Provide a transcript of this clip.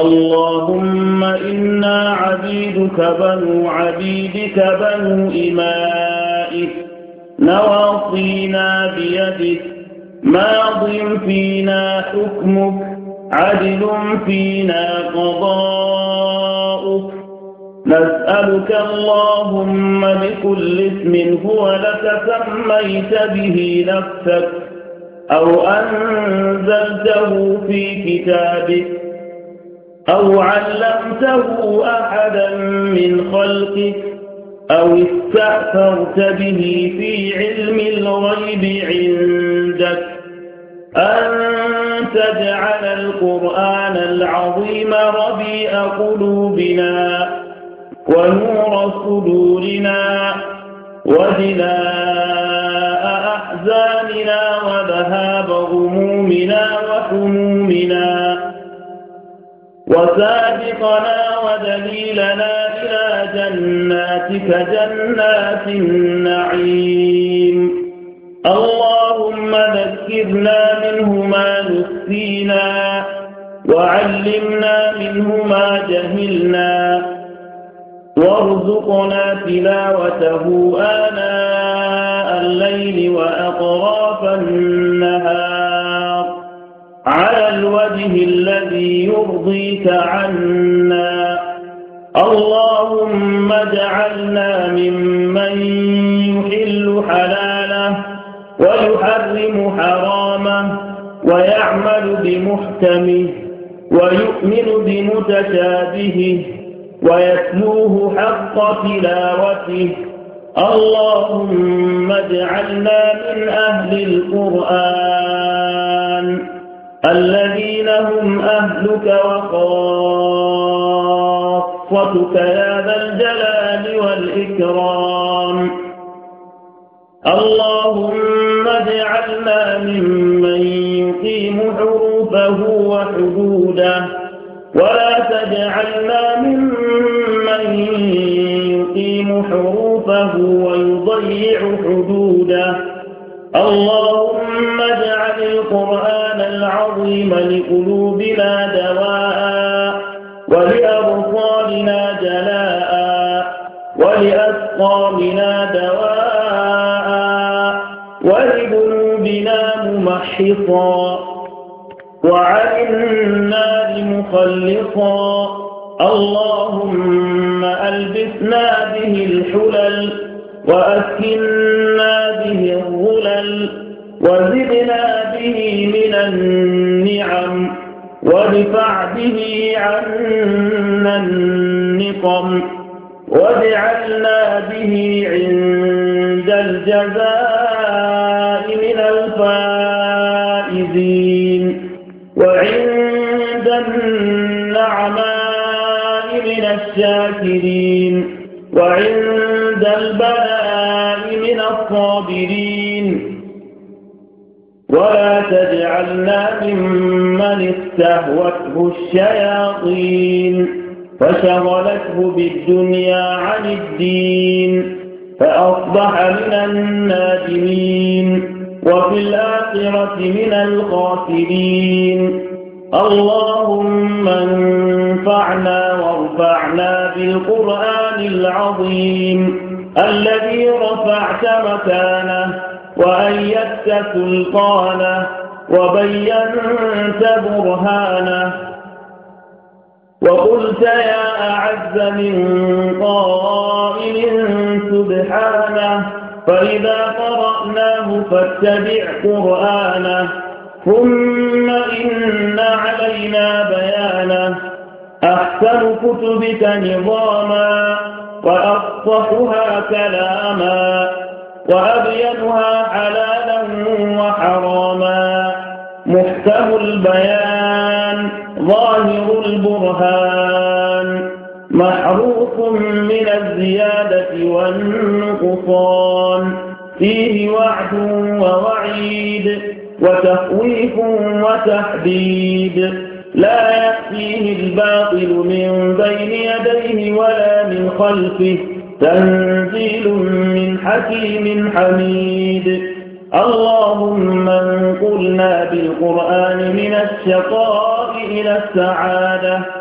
اللهم إنا عبيدك بنو عبيدك بنو إمائك نواصينا بيدك ماض فينا حكمك عدل فينا قضاؤك نسألك اللهم بكل اسم هو لك سميت به نفسك أو أنزلته في كتابك أو علمته أحدا من خلقك أو استأثرت به في علم الغيب عندك أن تجعل القرآن العظيم ربيع قلوبنا ونور صدورنا وجلاء أحزاننا وذهاب غمومنا وحمومنا وسابقنا ودليلنا إلى جناتك جنات النعيم اللهم ذكرنا منه ما نسينا وعلمنا منه ما جهلنا وارزقنا تلاوته آناء الليل وأطراف النهار على الوجه الذي يرضيك عنا اللهم اجعلنا ممن يحل حلاله ويحرم حرامه ويعمل بمحكمه ويؤمن بمتشابهه ويتلوه حق تلاوته اللهم اجعلنا من أهل القرآن الذين هم أهلك وخاصتك يا ذا الجلال والإكرام اللهم اجعلنا ممن يقيم حروفه وحدوده ولا تجعلنا ممن يقيم حروفه ويضيع حدوده اللهم اجعل القرآن العظيم لقلوبنا دواء ولأبصارنا جلاء ولأسقامنا دواء ولقلوبنا ممحصا وعن النار مخلصا اللهم ألبسنا به الحلل وأسكنا وزدنا به من النعم وادفع به عنا النقم واجعلنا به عند الجزاء من الفائزين وعند النعماء من الشاكرين وعند البلاء من الصابرين ولا تجعلنا ممن استهوته الشياطين فشغلته بالدنيا عن الدين فأصبح من النادمين وفي الآخرة من الخاسرين اللهم انفعنا وارفعنا بالقرآن العظيم الذي رفعت مكانه وأيدت سلطانه وبينت برهانه وقلت يا أعز من قائل سبحانه فإذا قرأناه فاتبع قرآنه ثم إن علينا بيانه أحسن كتبك نظاما وأفصحها كلاما وأبينها حلالا وحراما محكم البيان ظاهر البرهان محروف من الزيادة والنقصان فيه وعد ووعيد وتخويف وتحديد لا يأتيه الباطل من بين يديه ولا من خلفه تنزيل من حكيم حميد اللهم انقلنا بالقرآن من الشقاء إلى السعادة